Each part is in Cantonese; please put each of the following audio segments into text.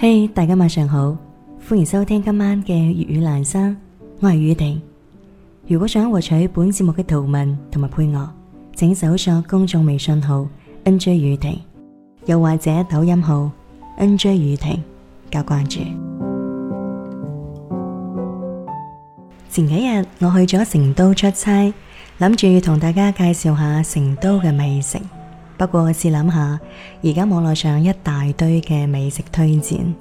嘿，大家晚上好，歡迎收聽今晚嘅粵語蘭生，我係宇婷。如果想獲取本節目嘅圖文同埋配樂，請搜索公眾微信號 NJ 宇婷，又或者抖音號 NJ 宇婷，加關注。前幾日我去咗成都出差，諗住同大家介紹下成都嘅美食。不過試諗下，而家網絡上一大堆嘅美食推薦，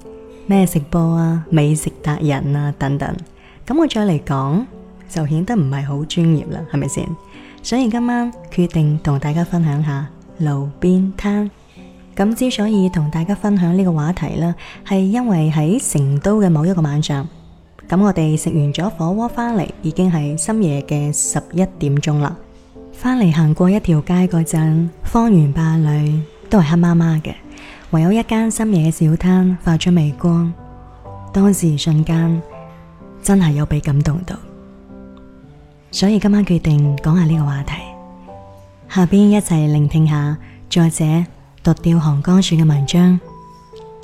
咩食播啊、美食達人啊等等，咁我再嚟講就顯得唔係好專業啦，係咪先？所以今晚決定同大家分享下路邊攤。咁之所以同大家分享呢個話題啦，係因為喺成都嘅某一個晚上，咁我哋食完咗火鍋翻嚟，已經係深夜嘅十一點鐘啦。返嚟行過一條街嗰陣，方圓百里都係黑麻麻嘅，唯有一間深夜嘅小攤發出微光。當時瞬間真係有被感動到，所以今晚決定講下呢個話題。下邊一齊聆聽下作者獨釣寒江雪嘅文章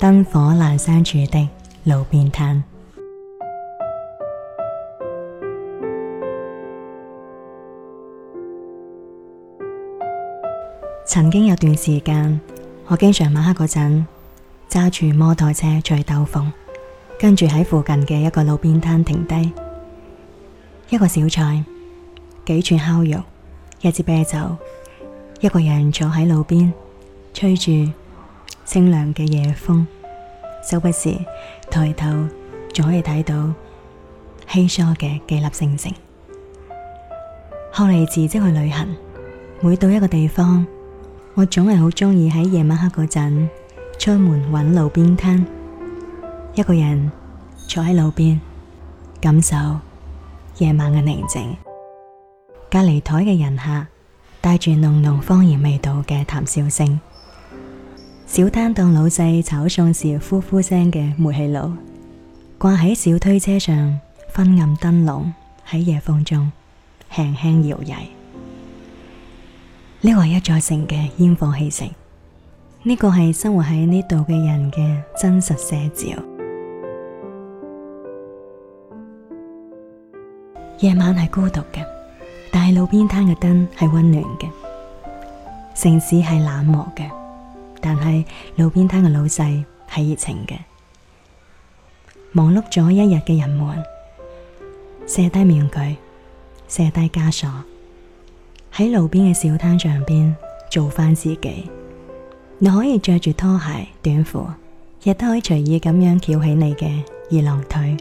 《燈火闌珊處的路邊攤》。曾經有段時間，我經常晚黑嗰陣揸住摩托車出去兜風，跟住喺附近嘅一個路邊攤停低，一個小菜，幾串烤肉，一支啤酒，一個人坐喺路邊吹住清涼嘅夜風，時不時抬頭仲可以睇到稀疏嘅幾粒星星。後嚟辭職去旅行，每到一個地方。我總係好鍾意喺夜晚黑嗰陣出門揾路邊攤，一個人坐喺路邊，感受夜晚嘅寧靜。隔籬台嘅人客帶住濃濃方言味道嘅談笑聲，小攤檔老細炒 𩠌 時呼呼聲嘅煤氣爐，掛喺小推車上昏暗燈籠喺夜風中輕輕搖曳。呢個係一座城嘅煙火氣息，呢個係生活喺呢度嘅人嘅真實寫照。夜晚係孤獨嘅，但係路邊攤嘅燈係溫暖嘅。城市係冷漠嘅，但係路邊攤嘅老細係熱情嘅。忙碌咗一日嘅人們，卸低面具，卸低枷鎖。喺路邊嘅小攤上邊做翻自己，你可以着住拖鞋短褲，亦都可以隨意咁樣翹起你嘅二郎腿，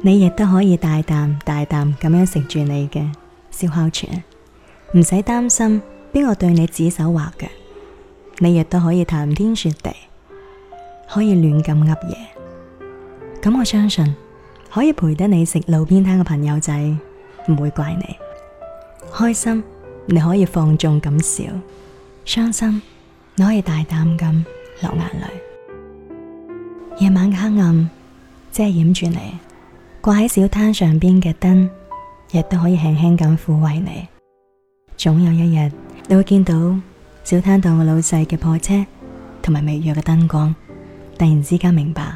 你亦都可以大啖大啖咁樣食住你嘅燒烤串，唔使擔心邊個對你指手畫腳，你亦都可以談天說地，可以亂咁噏嘢，咁我相信可以陪得你食路邊攤嘅朋友仔唔會怪你，開心。你可以放縱咁笑，傷心，你可以大膽咁流眼淚。夜晚嘅黑暗遮掩住你，掛喺小攤上邊嘅燈亦都可以輕輕咁撫慰你。總有一日，你會見到小攤檔嘅老細嘅破車同埋微弱嘅燈光，突然之間明白，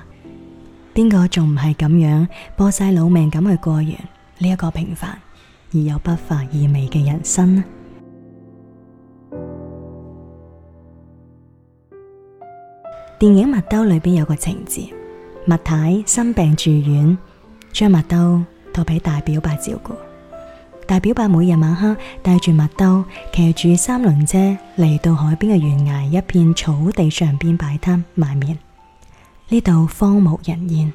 邊個仲唔係咁樣，搏晒老命咁去過完呢一個平凡而又不乏意味嘅人生呢？電影《麥兜》裏邊有個情節，麥太生病住院，將麥兜托畀大表伯照顧。大表伯每日晚黑帶住麥兜，騎住三輪車嚟到海邊嘅懸崖一片草地上邊擺攤賣麵。呢度荒無人煙，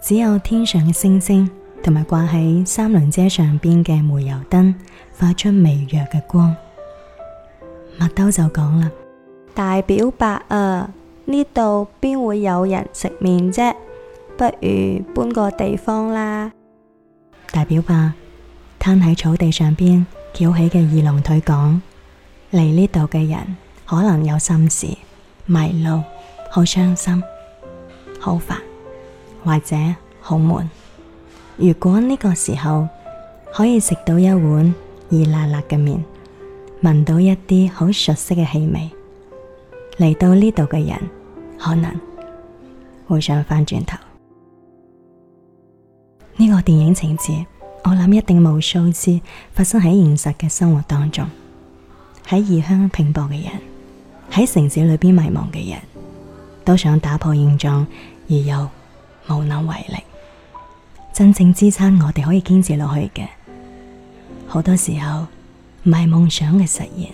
只有天上嘅星星同埋掛喺三輪車上邊嘅煤油燈發出微弱嘅光。麥兜就講啦：大表伯啊！呢度邊會有人食麵啫？不如搬個地方啦！大表伯，攤喺草地上邊，翹起嘅二郎腿講：嚟呢度嘅人可能有心事，迷路，好傷心，好煩，或者好悶。如果呢個時候可以食到一碗熱辣辣嘅麵，聞到一啲好熟悉嘅氣味。嚟到呢度嘅人，可能會想翻轉頭。呢個電影情節，我諗一定無數次發生喺現實嘅生活當中。喺異鄉拼搏嘅人，喺城市裏邊迷茫嘅人，都想打破現狀，而又無能為力。真正支撐我哋可以堅持落去嘅，好多時候唔係夢想嘅實現。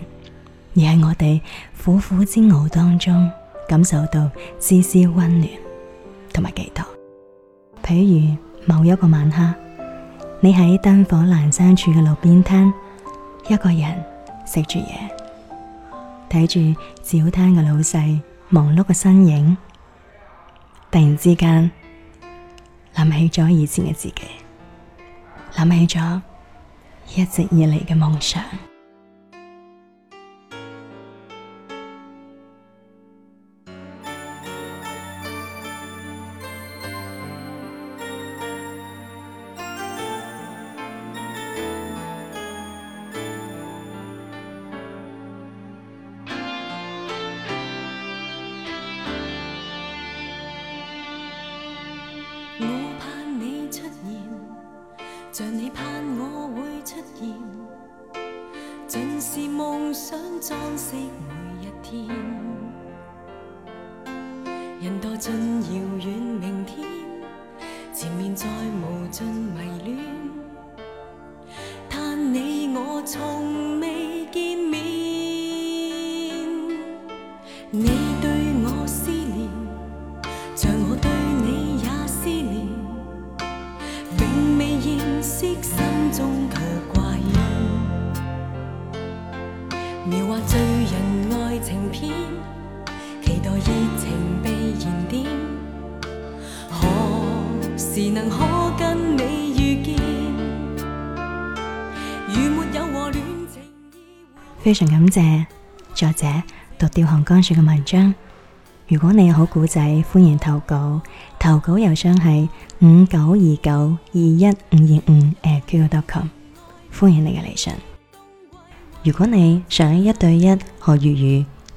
而係我哋苦苦煎熬當中，感受到絲絲溫暖同埋寄託。譬如某一個晚黑，你喺燈火闌珊處嘅路邊攤，一個人食住嘢，睇住小攤嘅老細忙碌嘅身影，突然之間諗起咗以前嘅自己，諗起咗一直以嚟嘅夢想。像你盼我會出現，盡是夢想裝飾每一天。人多盡遙遠明天，前面再無盡迷戀。嘆你我錯。非常感謝作者獨釣寒江雪嘅文章。如果你有好古仔，歡迎投稿，投稿郵箱係五九二九二一五二五 @qq.com。歡迎你嘅嚟信。如果你想一對一學粵語。